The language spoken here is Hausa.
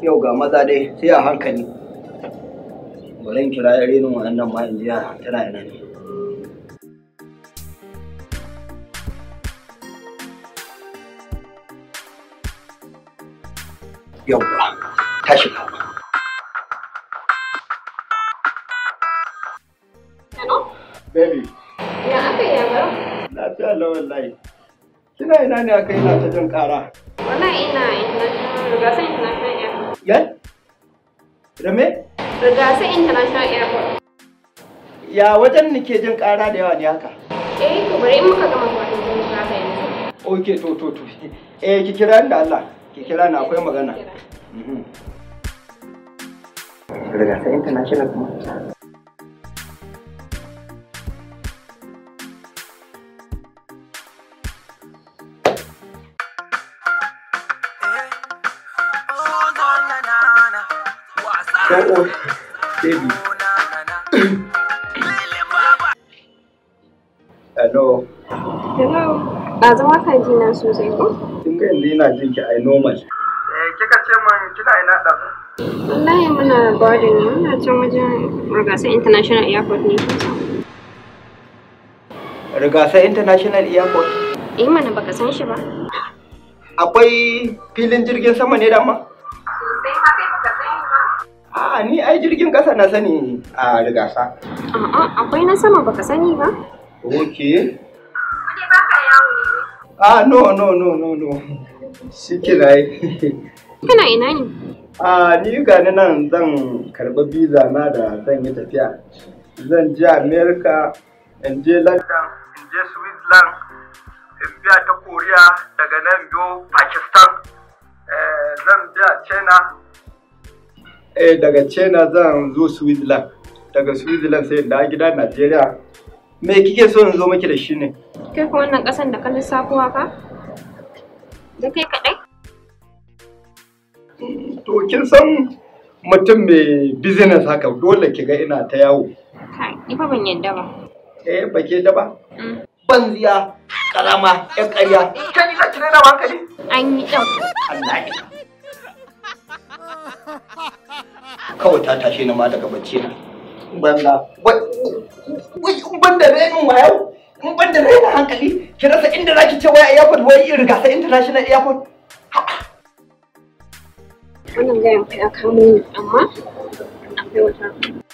Yau ga maza dai sai a hankali. Bari in kira yare ni wannan ma in tana ina ne. Yauwa, ta shiga. Hello? Baby. Ya aka yi Na fi alawar layi. Kina ina ne aka ina ta jan ƙara? Wannan ina international Rigasa International Airport. Yan? Rame? me? Rigasa International Airport. Ya wajen nake jin ƙara da yawa ne haka? Eh, to bari in muka gama gwajin Rigasa yanzu. Ok, to to to. Eh, ki kira da Allah. Ki kira ni akwai magana. Mhm. Rigasa International kuma. Shout out, baby. Hello. Hello. Ba zama kan ji na sosai ko? Kin ga yanzu ina jin ki ai normal. Eh kika ce man kina ina ɗazu. Wallahi muna bari ne muna can wajen Rigasa International Airport ne. Rigasa International Airport? Eh mana baka san shi ba. Akwai filin jirgin sama ne dama? A'a ni ai jirgin ƙasa na sani a rigasa. A'a akwai na sama baka sani ba? Ok. Wani ba ka yawo ne? Ah no no no no no. Shike na yi. Kana ina ne? Ah ni ga nan zan karɓi biza na da zan yi tafiya. Zan je America, in je London, in je Switzerland, in biya ta Korea daga nan biyo Pakistan. Eh, zan biya China, eh daga china zan zo switzerland daga switzerland sai da gida najeriya me kike so in zo miki da shi ne kai kuma wannan kasan da ka lissafo haka da kai kadai to kin san mutum mai business haka dole ki ga ina ta yawo ni fa ban yadda ba eh ba ke da ba ziya mm. karama ya karya kai ni zaki rena hankali an yi dan Allah kawai ta tashe na ma daga bacci na Banda. wai in banda rainin wayo? in banda rainin hankali ki rasa inda zaki ce wai airport wai in sai international airport wannan gayan kai a kamo amma akwai wata